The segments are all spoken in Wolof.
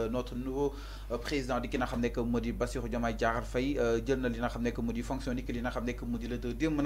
Euh, notre nouveau euh, président di ki nga de nekk mu di Bassirou Diomaye Diakhar euh, na li nga xam nekk mu di fonction ni modi le deux xam nekk mu di de démb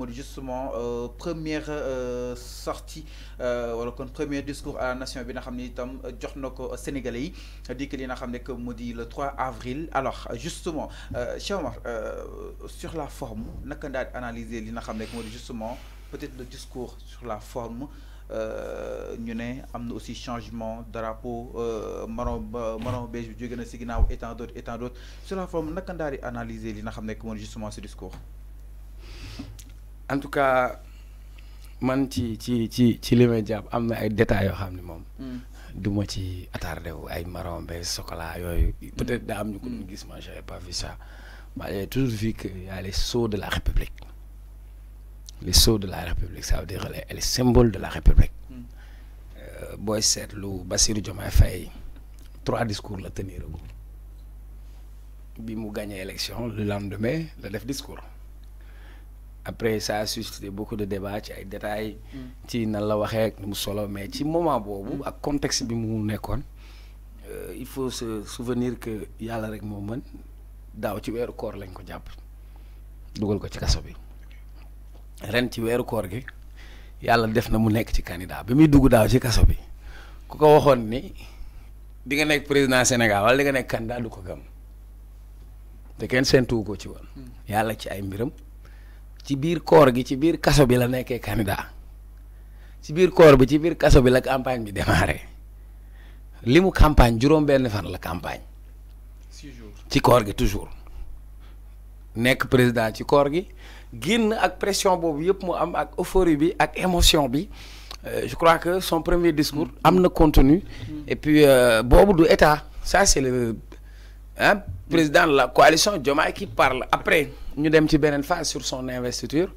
na justement première sortie voilà comme premier discours à la nation bi nga xam ne Sénégalais a di ki li n'a xam modi le 3 avril alors justement sur la forme naka ndaa analyser li nga xam modi justement peut-être le discours sur la forme euh, ñu ne am aussi changement drapeau euh, marron euh, marron beige bi jóge na si et tant d'autres et tant d'autres sur la forme naka ndaa di analyser li nga xam ne justement ce discours. en tout cas man ci ci ci ci li may amna am ay détails yo xam mom duma hmm. du ci attardé wu ay marron beige chocolat yooyu. peut-être da am ñu ko doon gis man j'avais pas vu ça. mais j'ai toujours vu que y a les sceaux de la République les sceaux de la République ça veut dire les symboles de la République. Hmm. Euh, Boy Lou, Bassir Diomaye Faye trois discours la tenir bi a gagné élection le lendemain le def discours après ça a suscité beaucoup de débats ci détails hmm. ci nan a waxee ak nu solo mais ci moment boobu ak contexte bi euh, il faut se souvenir que y a un moment, il ci weeru koor lañ ko jàpp dugal ko ci kaso bi. ren ci weeru koor gi yàlla def na mu nekk ci candidat bi muy dugg daaw ci kaso bi ku ko waxoon ni di nga nekk président Sénégal wala di nga nekk candidat du ko gëm te kenn séntuwu ko ci woon. Hmm. yàlla ci ay mbiram ci biir koor gi ci biir kaso bi la nekkee candidat ci biir koor bi ci biir kaso bi la campagne bi démarré li mu campagne juróom-benn fan la campagne. six ci koor gi toujours nekk président ci koor gi. génn ak pression bobu yep mu am ak euphorie bi ak émotion bi euh, je crois que son premier discours am contenu et puis euh, bobu du état ça c'est le hein, président de la coalition Diomay, qui parle après ñu dem ci beneen phase sur son investiture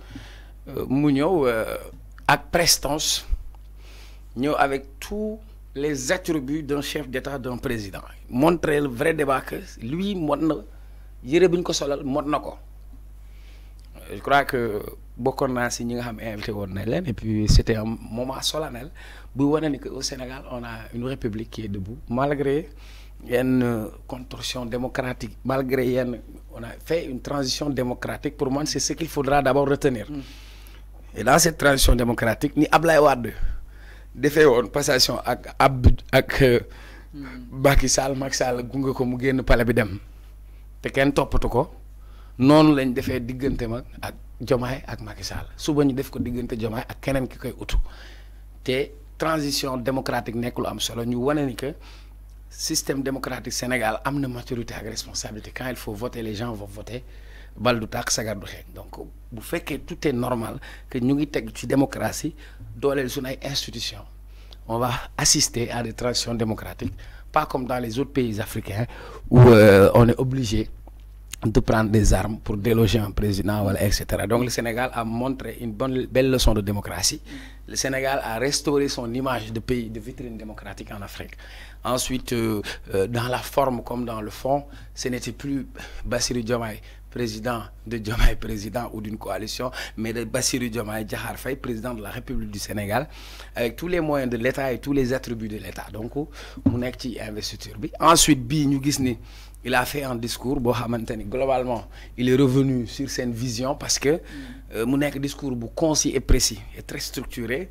euh, mu a ak prestance avec tous les attributs d'un chef d'État d'un président montrer le vrai débat que lui il na yëre bi ñu ko solal je crois que c'était invité et puis c'était un moment solennel bu au Sénégal on a une république qui est debout malgré une contorsion démocratique malgré on a fait une transition démocratique pour moi c'est ce qu'il faudra d'abord retenir mm. et dans cette transition démocratique ni Ablaye Wade defee une passation ak ab ak euh, mm. avec Sall Macky Sall gunge ko mu génn pale bi dem non lañ defee digënté mak ak Diomaye ak Macky Sall suba ñu def ko digënté fait ak kenen ki koy outu té transition démocratique nekk lu am solo ñu que ni que système démocratique Sénégal amna maturité ak responsabilité quand il faut voter les gens vont voter bal du tàq sagar du xeeñ donc bu que tout est normal que ñu ngi une ci démocratie Nous suñ ay institution. on va assister à des transitions démocratiques pas comme dans les autres pays africains où euh, on est obligé de prendre des armes pour déloger un président, etc. Donc le Sénégal a montré une bonne, belle leçon de démocratie. Le Sénégal a restauré son image de pays de vitrine démocratique en Afrique. Ensuite, euh, euh, dans la forme comme dans le fond, ce n'était plus Bassirou Diomaye président de Diomaye président ou d'une coalition, mais de Bassirou Diomaye Faye, président de la République du Sénégal, avec tous les moyens de l'État et tous les attributs de l'État. Donc, on a investi. Ensuite, nous avons il a fait un discours globalement il est revenu sur cette vision parce que euh, mu discours bu concis et précis et très structuré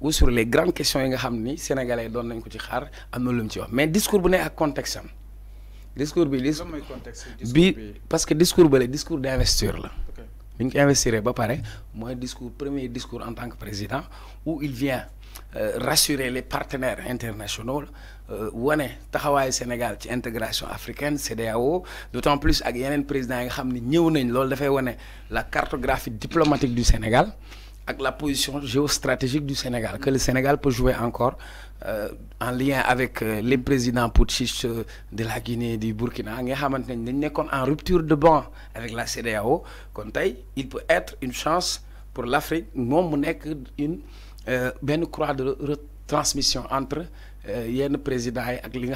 ou sur les grandes questions yi nga xamni sénégalais don nañ ko ci xaar am ci mais discours bu nek contexte Le discours bi. contexte parce que discours le discours d'investiture il ñu ba discours premier discours en tant que président où il vient euh, rassurer les partenaires internationaux euh, wane le Sénégal intégration africaine CDAO, d'autant plus avec y président yi nga qui la cartographie diplomatique du Sénégal avec la position géostratégique du Sénégal que le Sénégal peut jouer encore euh, en lien avec euh, les présidents putschistes euh, de la Guinée et du Burkina en rupture de banc avec la CEDEAO il peut être une chance pour l'Afrique Nous une croix de retransmission entre les présidents et ak li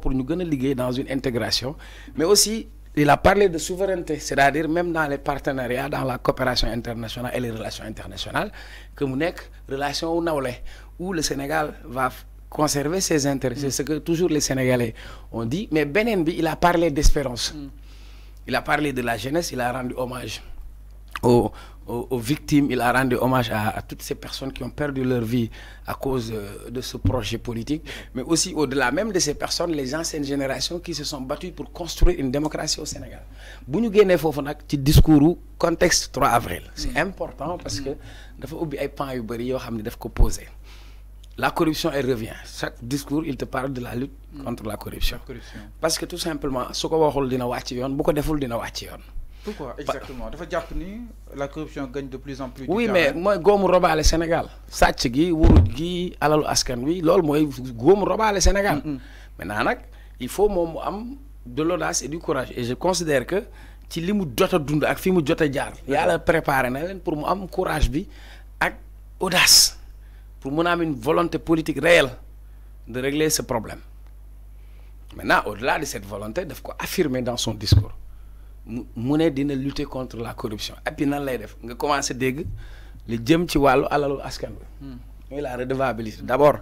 pour nous liguer dans une intégration mais aussi il a parlé de souveraineté, c'est-à-dire même dans les partenariats, dans la coopération internationale et les relations internationales, que Mounek, relation au Naoulé, où le Sénégal va conserver ses intérêts. C'est ce que toujours les Sénégalais ont dit. Mais Benenbi, il a parlé d'espérance. Mm. Il a parlé de la jeunesse, il a rendu hommage aux, aux, victimes, il a rendu hommage à, toutes ces personnes qui ont perdu leur vie à cause euh, de ce projet politique, mais aussi au-delà même de ces personnes, les anciennes générations qui se sont battues pour construire une démocratie au Sénégal. Fofonak, petit discours contexte 3 avril. C'est mm. important parce que La corruption, elle revient. Chaque discours, il te parle de la lutte mm. contre la corruption. Parce que tout simplement, ce qu'on va dire, c'est que beaucoup de gens pourquoi bah, exactement dafa jàpp ni la corruption gagne de plus en plus. oui mais hein. mooy góomu le Sénégal sàcc gi Sénégal gi alalu askan wi loolu mooy góomu le Sénégal. maintenant il faut mon am de l'audace et du courage et je considère que ci li mu jot a dund ak fi mu a jaar. préparer, préparé pour mon am courage Et l'audace audace pour mon une volonté politique réelle de régler ce problème maintenant au-delà de cette volonté Il faut affirmer dans son discours mu ne dina lutter contre la corruption et puis nan lay def nga commencé dégg li jëm ci walu alalu askan bi mooy hmm. la redevabilité D'abord,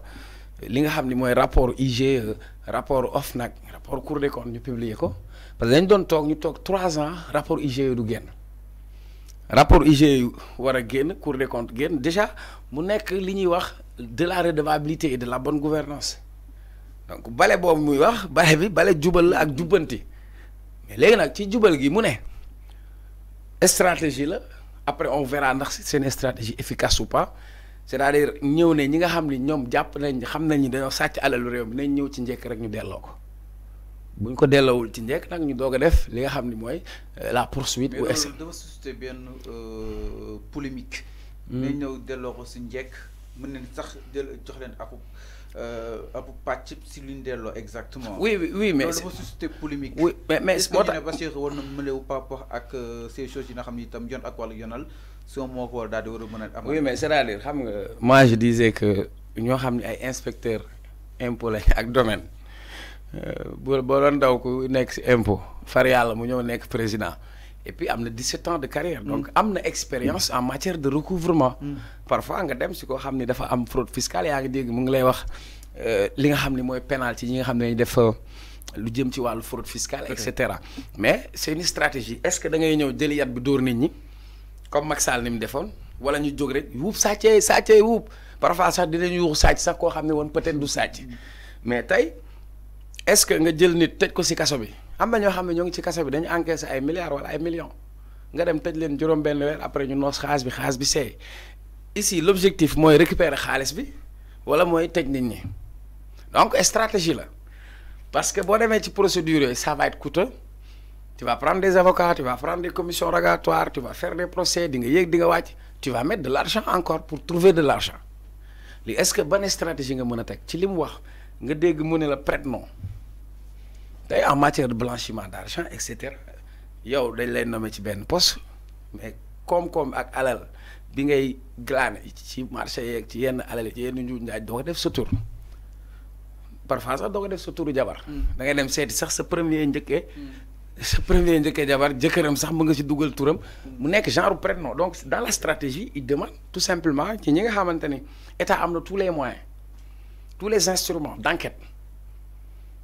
li nga xamni moy rapport IGE rapport OFNAC rapport Cour des comptes ñu publier ko parce que dañ doon tok ñu tok trois ans rapport IGE du guen rapport IGE wara guen Cour des comptes guen déjà mu nekk li ñi wax de la redevabilité et de la bonne gouvernance donc balé boobu muy wax balé bi bale jubal ak jubbanti léegi nag ci jubal gi mu ne stratégie la après on verra ndax seen stratégie efficace ou pas c'est-à-dire ñëw ne ñi nga xam ni ñoom jàpp nañ xam nañ ni dañoo sàcc alalu réew mi nañ ñëw ci njekk rek ñu delloo ko buñ ko delloowul ci njekk nag ñu doog a def li nga xam ni mooy euh, la pour ou essai mais loolu dafa benn euh, polémique. Hmm. nañ ñëw delloo ko si njëkk. mën nañ sax jël jox leen ab euh, ab pàcc si luñ delloo exactement. oui oui oui mais loolu dafa suscité polémique. oui mais mais moo tax Bassirou war na mënewu par rapport ak euh, ces choses yi nga xam ni itam yoon ak wàllu yoonal soo moo ko war daal di war a mën a. oui mais c'est-à-dire xam nga. moi je disais que ñoo xam ne ay inspecteur impôt lañ ak domaine euh, bu boo doon daw ku nekk si impôt far yàlla mu ñëw nekk président et puis amna 17 ans de carrière mm. donc am na expérience en matière de recouvrement mm. parfois nga dem ci ko xamni dafa am fraude fiscale ya nga dégg mu ngi lay wax euh, li nga xamni moy mooy yi nga xamni ne def euh, lu jëm ci walu fraude fiscale et cetera mais c'est une stratégie est-ce que da ngay ñëw jëli yat bi dóor nit ñi comme Macky Sall nim mu wala ñu jog rek wuub sàccee sàccee wuub parfois sax dinañu yuuxu sacc sax ko xamni won peut-être du sàcc mm. mais tay est-ce que nga jël nit tej ko ci kasso bi am na ñoo xam ñoo ngi ci kase bi dañu encaissé ay milliards wala ay millions nga dem tëj len juróom-benn weer après ñu nos xaas bi xaas bi seey ici l'objectif moy récupérer xaaliss bi wala moy tëj nit ñi donc stratégie la parce que tu démé ci procédure ça va être coûteux tu vas prendre des avocats tu vas prendre des commissions rogatoires tu vas faire des procès di nga yegg di nga tu vas mettre de l'argent encore pour trouver de l'argent. li est ce que bonne stratégie nga mëna tek ci li wax nga dégg mu ne la prête en matière de blanchiment d'argent, etc. yow dañ lay poste mais comme comme ak alal bi ngay ci marché yeeg ci yenn alal ci yenn def tour. parfois sax def sa tour jabar. Hmm. da ngay dem sax premier hmm. premier jabar sax mu nga ci genre donc dans la stratégie il demande tout simplement ci ñi nga état am tous les moyens tous les instruments d'enquête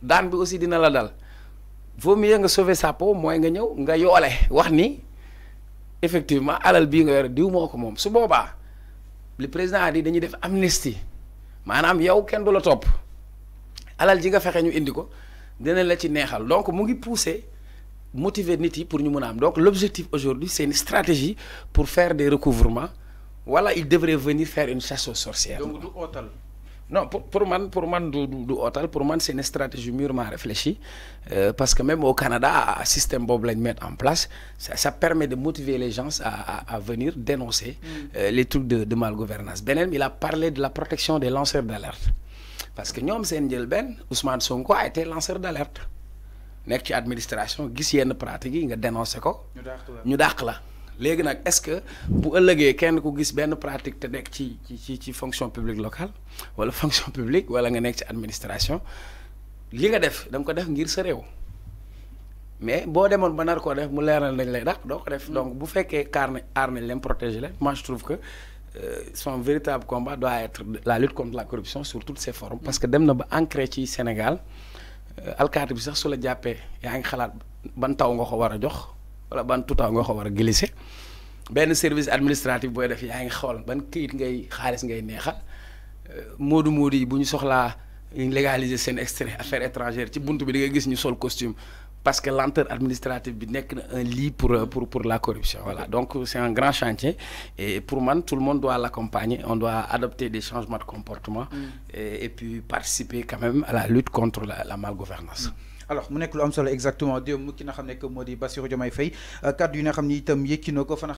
dan bi aussi dina la dal vaut mieux nga sauver sa peau moy nga ñëw nga yolé wax ni effectivement alal bi nga yore diw moko mom su boba li président a dit dañuy def amnistie manam yow kenn du la topp alal ji nga fexé ñu indi ko dina la ci neexal donc mu ngi pousser motiver nit yi pour ñu mëna donc l'objectif aujourd'hui c'est une stratégie pour faire des recouvrements voilà, il devrait venir faire une chasse aux sorcières donc du hôtel non pour moi, pour du du hôtel pour c'est une stratégie mûrement réfléchie euh, parce que même au Canada système Bob lañ mettre en place ça, permet de motiver les gens à à, venir dénoncer mm. euh, les trucs de de gouvernance Benem, il a parlé de la protection des lanceurs d'alerte parce que nous, ñoom seen Ben, Ousmane Sonko a été lanceur d'alerte Nek ci administration gis yenn pratique nga dénoncer ko. ñu dàq léegi nag est-ce que bu ëllëgee kenn ku gis benn pratique te nekk ci ci ci fonction publique locale wala fonction publique wala nga nekk ci administration li nga def da ko def ngir sa réew mais boo demoon ba nar koo def mu leeral nañ lay dàq doo ko def mm. donc bu fekkee carne na aar nañ leen protéger leen moi je trouve que euh, son véritable combat doit être la lutte contre la corruption sous toutes ses formes parce que dem na ba ancré ci Sénégal euh, alkaati bi sax su la jàppee yaa ngi xalaat ban taw nga ko war a jox wala ban tutaaw nga ko war a glissé benn service administratif booy def yaa ngi xool ban këyit ngay xaalis ngay neexal euh, moodu moodu yi bu ñu soxlaa légaliser seen extrait affaires étrangères ci bunt bi da ngay gis ñu sol costume parce que lenteur administrative bi nekk na un lit pour pour pour la corruption voilà donc c'est un grand chantier et pour man tout le monde doit l'accompagner on doit adopter des changements de comportement mm. et, et puis participer quand même à la lutte contre la, la malgouvernance mm. alors mu nekk lu am solo exactement démb ki nga xam ne moo di Bassirou Diomaye Faye euh, kaddu yi nga xam ne itam yëkki na ko fa